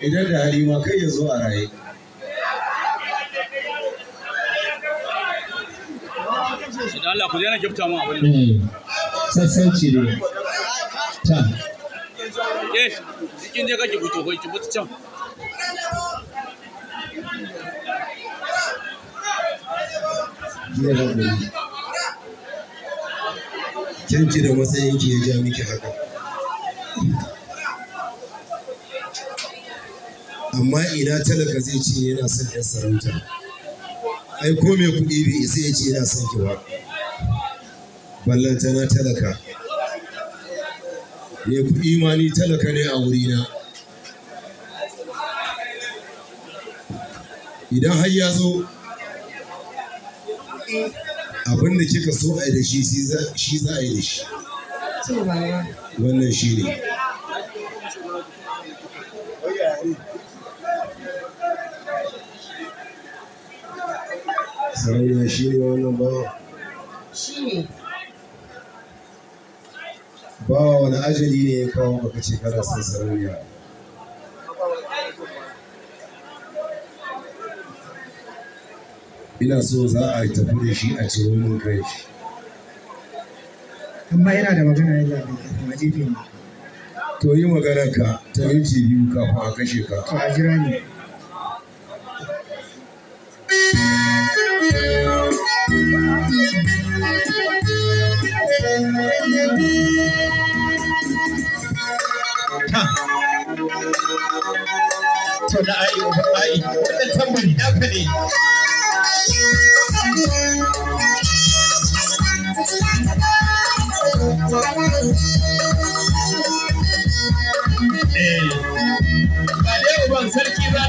idan da hali ma kai ya zo a raye Allah ku daina kyauta mu abin eh, sassanci ne ta eh cikin je kake fito ko ki fito can ci da matsayin ki ya ja miki haka. amma ina talaka zai ce yana son yan sarauta ai ko mai kuɗi bi sai ya ce yana son ki ba na talaka Me kuɗi ma ni talaka ne a wurina idan har ya zo abin da kika so a yi da shi shi za a yi da shi wannan shi ne Sarayya shi ne wannan bawa? Shi ne. Bawa wani ajali ne ya kawo baka ce kana son sarayya. Ina so za a tafi da shi a ciro min kai. Amma yana da magana ya zaɓi a jefe To yi magana ka ta yi biyu kafin a kashe ka. To a jira ne. to na ayi uban oh, bayi wannan tambari na ka ne Eh, ba dai uban sarki ba